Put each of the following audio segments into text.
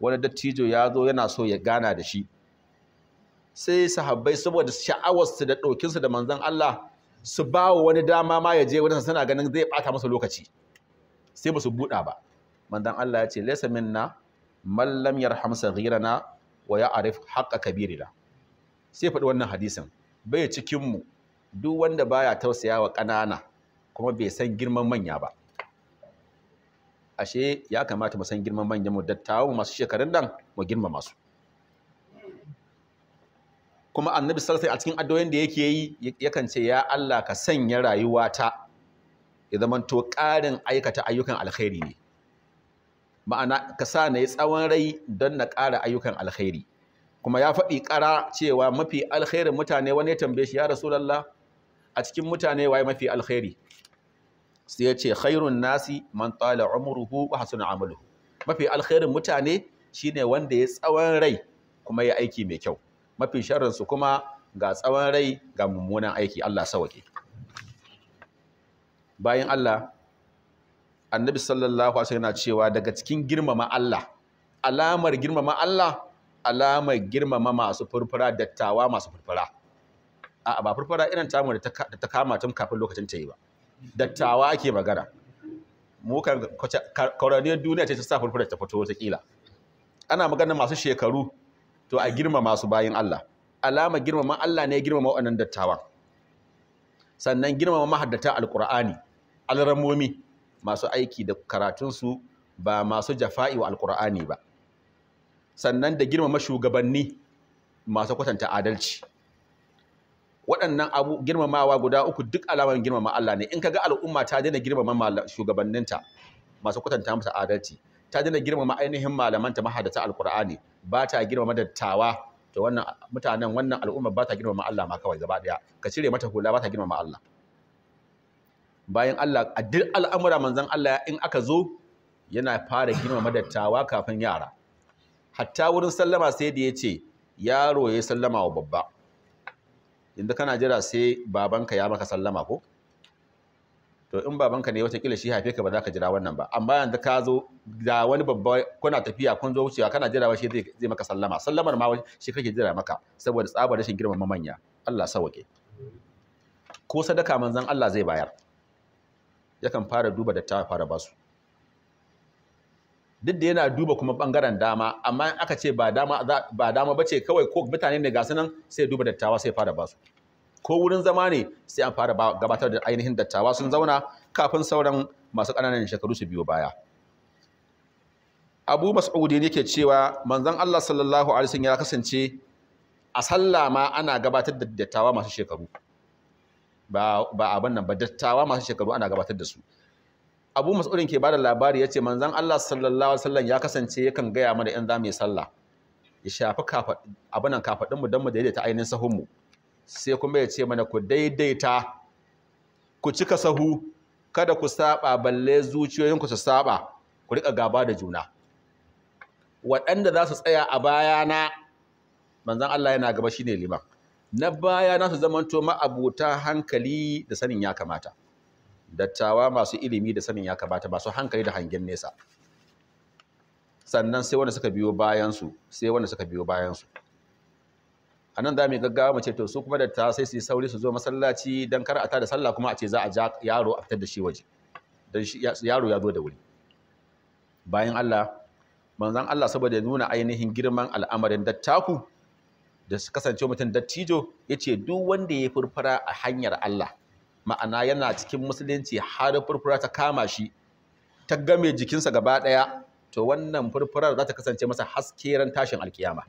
wani dattijo ya zo yana so ya gana da shi sai sahabbai saboda sha'awarsu da ɗaukinsu da manzan Allah su ba wa wani dama ma ya je wani suna ganin zai ɓata masa lokaci sai ba su buɗa ba Manzan Allah ya ce laysa minna man lam yarham saghirana wa ya'rif haqqa kabirina sai faɗi wannan hadisin bai cikin mu duk wanda baya tausaya wa ƙanana kuma bai san girman manya ba ashe ya kamata mu san girman manyan mu dattawa masu shekarun nan mu girma masu kuma annabi sallallahu a cikin addu'o'in da yake yi yakan ce ya Allah ka sanya rayuwata ya zama to ƙarin aikata ayyukan alkhairi ne ma'ana ka sa na yi tsawon rai don na ƙara ayyukan alkhairi kuma ya faɗi ƙara cewa mafi alkhairin mutane wani ya tambaye shi ya rasulullah a cikin mutane waye mafi alkhairi sai ya ce khairun nasi man tala umruhu wa hasuna amaluhu mafi alkhairin mutane shine wanda ya tsawon rai kuma ya aiki mai kyau mafi sharrin su kuma ga tsawon rai ga mummunan aiki Allah sauke bayan Allah annabi sallallahu alaihi wasallam yana cewa daga cikin girmama Allah alamar girmama Allah alamar girmama masu furfura dattawa masu furfura a'a ba furfura irin tamu da ta kama tun kafin lokacin ta yi ba dattawa ake magana mu kan duniya ce ta sa furfura ta fito ta kila ana magana masu shekaru to a girmama su bayan Allah alama girmama Allah ne girmama wannan dattawa sannan girmama mahaddata alƙur'ani alramomi masu aiki da karatun su ba masu jafa'i wa alƙur'ani ba sannan da girmama shugabanni masu kwatanta adalci waɗannan abu girmamawa guda uku duk alamar girmama Allah ne in kaga al'umma ta daina girmama shugabanninta masu kwatanta masa adalci ta daina girmama ainihin malamanta mahadata alqur'ani ba ta girmama dattawa to wannan mutanen wannan al'umma ba ta girmama Allah ma kawai gaba daya ka cire mata hula ba ta girmama Allah bayan Allah addil al'amura manzon Allah in aka zo yana fara girmama dattawa kafin yara hatta wurin sallama sai da yace yaro ya sallama wa babba yanzu kana jira sai babanka ya maka sallama ko to in babanka ne kila shi haife ka ba za ka jira wannan ba amma yanzu ka zo da wani babba kuna tafiya kun zo wucewa kana jira shi zai maka sallama sallamar ma shi kake jira maka saboda tsabar rashin girmama manya Allah sauke ko sadaka manzon Allah zai bayar yakan fara duba da ta fara basu duk da yana duba kuma bangaren dama amma in aka ce ba dama ba dama bace kawai ko mutane ne ga nan sai duba dattawa sai fara basu ko wurin zama ne sai an fara gabatar da ainihin dattawa sun zauna kafin sauran masu ƙananan shekaru su biyo baya Abu Mas'ud yake cewa manzon Allah sallallahu alaihi wasallam ya kasance a sallah ma ana gabatar da dattawa masu shekaru ba ba abin nan ba dattawa masu shekaru ana gabatar da su abu mas'udin ke bada labari ya ce manzan Allah sallallahu alaihi wasallam ya kasance yakan gaya mana 'yan za mu sallah ya shafi abinan kafaɗinmu don mu daidaita ainihin sahunmu. sai kuma ya ce mana ku daidaita ku cika sahu kada ku saba balle zuciyoyinku su saba ku rika gaba da juna waɗanda za su tsaya a bayana manzan Allah yana gaba shi ne liman na bayana su zamanto ma'abuta hankali da sanin ya kamata dattawa masu ilimi da sanin ya kamata masu hankali da hangen nesa sannan sai wanda suka biyo bayansu sai wanda suka biyo bayansu a nan za gaggawa mace to su kuma dattawa sai su yi sauri su zo masallaci don kar a da sallah kuma a ce za a ja yaro a fitar da shi waje don yaro ya zo da wuri bayan Allah manzon Allah saboda nuna ainihin girman al'amarin dattaku da su kasance mutum dattijo ya ce duk wanda ya furfura a hanyar Allah ma'ana yana cikin musulunci har furfura ta kama shi ta game jikinsa gaba ɗaya to wannan furfurar za ta kasance masa haske ran tashin alkiyama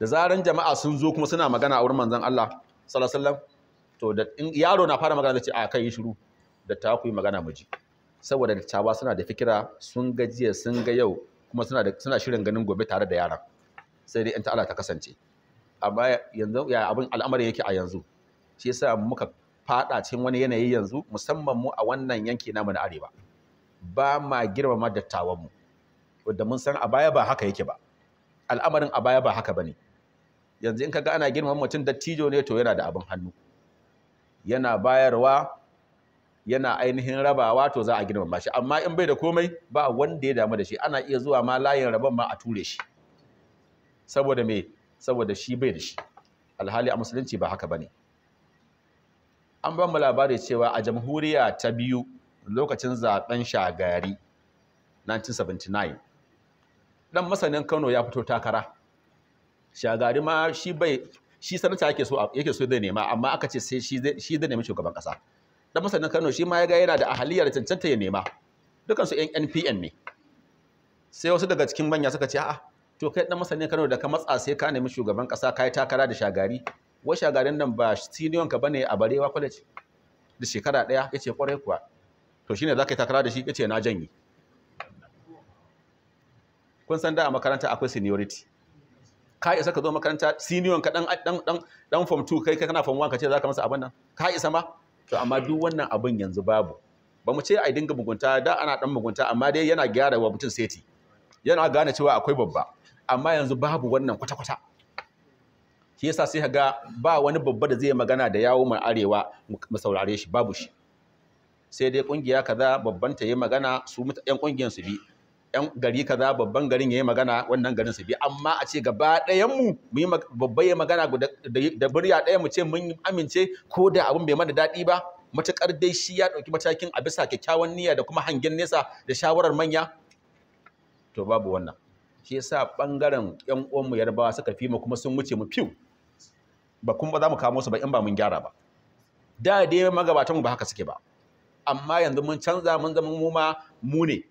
da zaran jama'a sun zo kuma suna magana a wurin manzon Allah sallallahu alaihi to da yaro na fara magana da ce a kai yi shiru da ta ku magana mu ji saboda dattawa suna da fikira sun ga jiya sun ga yau kuma suna shirin ganin gobe tare da yaran sai dai in ta Allah ta kasance amma yanzu ya abin al'amarin yake a yanzu shi yasa muka faɗa cikin wani yanayi yanzu musamman mu a wannan yanki namu na arewa ba ma girmama dattawan mu wanda mun san a baya ba haka yake ba al'amarin a baya ba haka bane yanzu in ka ga ana girmama mutum dattijo ne to yana da abin hannu yana bayarwa yana ainihin rabawa to za a girmama shi amma in bai da komai ba wanda ya damu da shi ana iya zuwa ma layin rabon ma a ture shi saboda me saboda shi bai da shi alhali a musulunci ba haka bane an ba mu labari cewa a jamhuriya ta biyu lokacin zaben shagari 1979 dan masanin Kano ya fito takara shagari ma shi bai shi sanata yake so yake so zai nema amma aka ce sai shi zai nemi shugaban kasa dan masanin Kano shi ma ya ga yana da ahaliyar cancanta ya nema dukansu yan NPN ne sai wasu daga cikin manya suka ce a'a to kai dan masanin Kano da ka matsa sai ka nemi shugaban kasa kai takara da shagari wai shagarin nan ba senior ka bane a barewa college da shekara daya yace kwarai kuwa to shine zaka yi takara da shi yace na janye kun san da a makaranta akwai seniority ka isa ka zo makaranta senior ka dan dan dan form 2 kai kana form 1 ka ce zaka masa abin nan ka isa ma to amma duk wannan abin yanzu babu ba mu ce a dinga mugunta da ana dan mugunta amma dai yana gyara wa mutum seti yana gane cewa akwai babba amma yanzu babu wannan kwata-kwata shi yasa sai ga ba wani babba da zai magana da yawo mai arewa mu saurare shi babu shi sai dai kungiya kaza babban ta yi magana su yan kungiyan su bi yan gari kaza babban garin yayi magana wannan garin su bi amma a ce gaba ɗayan mu mu yi babba yayi magana da burya ɗaya mu ce mun amince ko da abun bai mana daɗi ba matakar dai shi ya ɗauki matakin a bisa kyakkyawan niyya da kuma hangen nesa da shawarar manya to babu wannan shi yasa ɓangaren 'yan uwanmu yarbawa suka fi mu kuma sun wuce mu fiw ba kun ba za mu kamo su ba in ba mun gyara ba da dai magabatanmu ba haka suke ba amma yanzu mun canza mun zama mu ma mu ne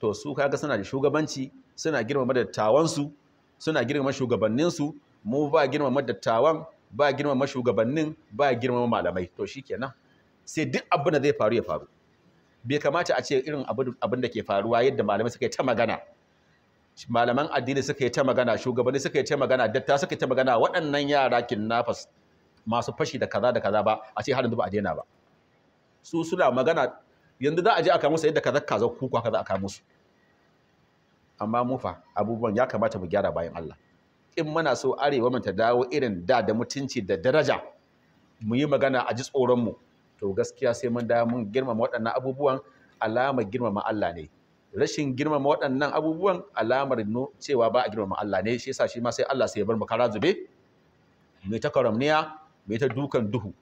to su kaga suna da shugabanci suna girmama dattawansu suna girmama shugabanninsu mu ba girmama dattawan ba girmama shugabannin ba girmama malamai to shikenan sai duk abin da zai faru ya faru bai kamata a ce irin abin da ke faruwa yadda malamai suka yi ta magana malaman addini suka yi ta magana shugabanni suka yi ta magana datta suka yi ta magana waɗannan yara kinnafas masu fashi da kaza da kaza ba a ce har yanzu ba a daina ba su suna magana yanzu za a je aka musu yadda kaza kaza ku kwa kaza aka musu amma mu fa abubuwan ya kamata mu gyara bayan Allah in muna so arewa mu ta dawo irin da da mutunci da daraja mu yi magana a ji tsoron mu to gaskiya sai mun da mun girmama waɗannan abubuwan alama girmama Allah ne rashin girmama waɗannan abubuwan alamar no cewa ba a girmama Allah ne shi yasa shi ma sai Allah sai ya bar mu kara zube mai ta karamniya mai ta dukan duhu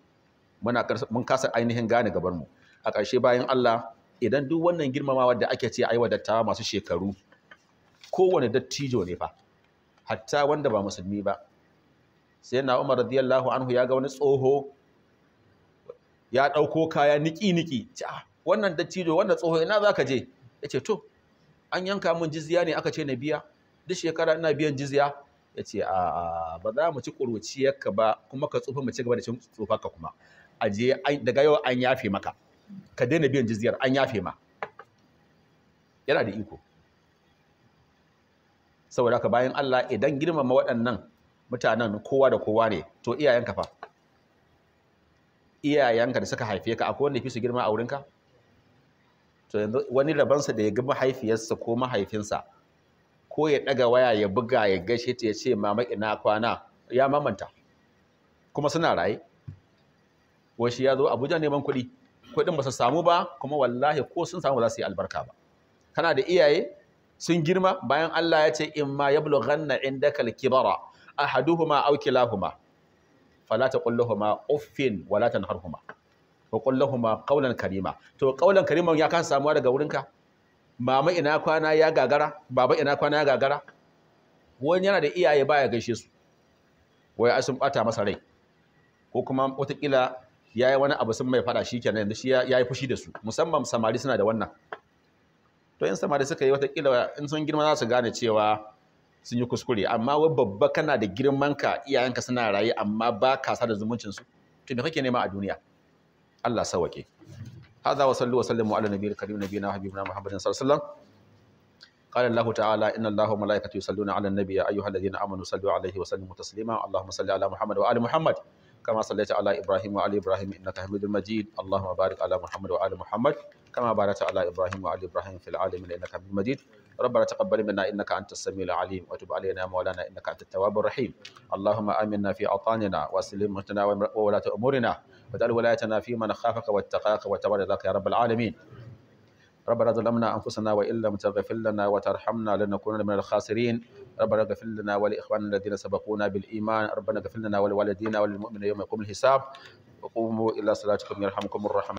muna mun kasa ainihin gane gabar mu a ƙarshe bayan Allah idan duk wannan girmamawa da ake ce ai dattawa masu shekaru kowane dattijo ne fa hatta wanda ba musulmi ba sai na Umar radiyallahu anhu ya ga wani tsoho ya ɗauko kaya niki niki ah, wannan dattijo wannan tsoho ina zaka je ya ce to an yanka mun jizya ne aka ce na biya duk shekara ina biyan jizya ya ce a ba za mu ci ƙuruciyarka ba kuma ka tsufa mu ci gaba da cin tsufarka kuma aje daga yau an yafe maka ka daina biyan jizyar an yafe ma yana da iko saboda haka bayan Allah idan girmama waɗannan mutanen kowa da kowa ne to iyayenka fa iyayenka da suka haife ka akwai wanda ya fi su girma a wurinka to yanzu wani rabansa da ya ga mahaifiyarsa ko mahaifinsa ko ya ɗaga waya ya buga ya gaishe ta ya ce mama ina kwana ya mamanta kuma suna raye wasu ya zo abuja neman kuɗi kuɗin ba su samu ba kuma wallahi ko sun samu ba za su yi albarka ba kana da iyaye sun girma bayan Allah ya ce in ma ganna inda al-kibara ahaduhuma aw kilahuma fala taqul lahumā uffin wa la wa qul karima to qawlan kariman ya kasa samuwa daga wurinka mama ina kwana ya gagara baba ina kwana ya gagara wani yana da iyaye baya gaishe su wai sun bata masa rai ko kuma watakila ya yi wani abu sun mai fada shi nan, yanzu shi ya yi fushi da su musamman samari suna da wannan to in samari suka yi watakila in sun girma za su gane cewa sun yi kuskure amma wai babba kana da girman ka iyayenka suna raye amma ba ka sada zumuncinsu to me kake nema a duniya Allah sawake hadha wa sallu wa sallimu ala nabiyil karim nabiyina habibina muhammadin sallallahu alaihi wasallam قال الله تعالى إن الله وملائكته يصلون على النبي يا أيها الذين آمنوا صلوا عليه وسلموا تسليما اللهم صل على محمد محمد كما صليت على حميد مجيد اللهم بارك على محمد محمد كما باركت على إبراهيم وعلى إبراهيم في العالمين إنك حميد مجيد ربنا تقبل منا إنك أنت السميع العليم وتب علينا مولانا إنك أنت التواب الرحيم اللهم آمنا في أوطاننا وأسلم مجتنا وولاة أمورنا واجعل ولايتنا في من خافك واتقاك وتولى يا رب العالمين ربنا ظلمنا انفسنا وان لم تغفر لنا وترحمنا لنكون من الخاسرين ربنا اغفر لنا ولاخواننا الذين سبقونا بالايمان ربنا اغفر لنا ولوالدينا وللمؤمنين يوم يقوم الحساب وقوموا الى صلاتكم يرحمكم الرحمن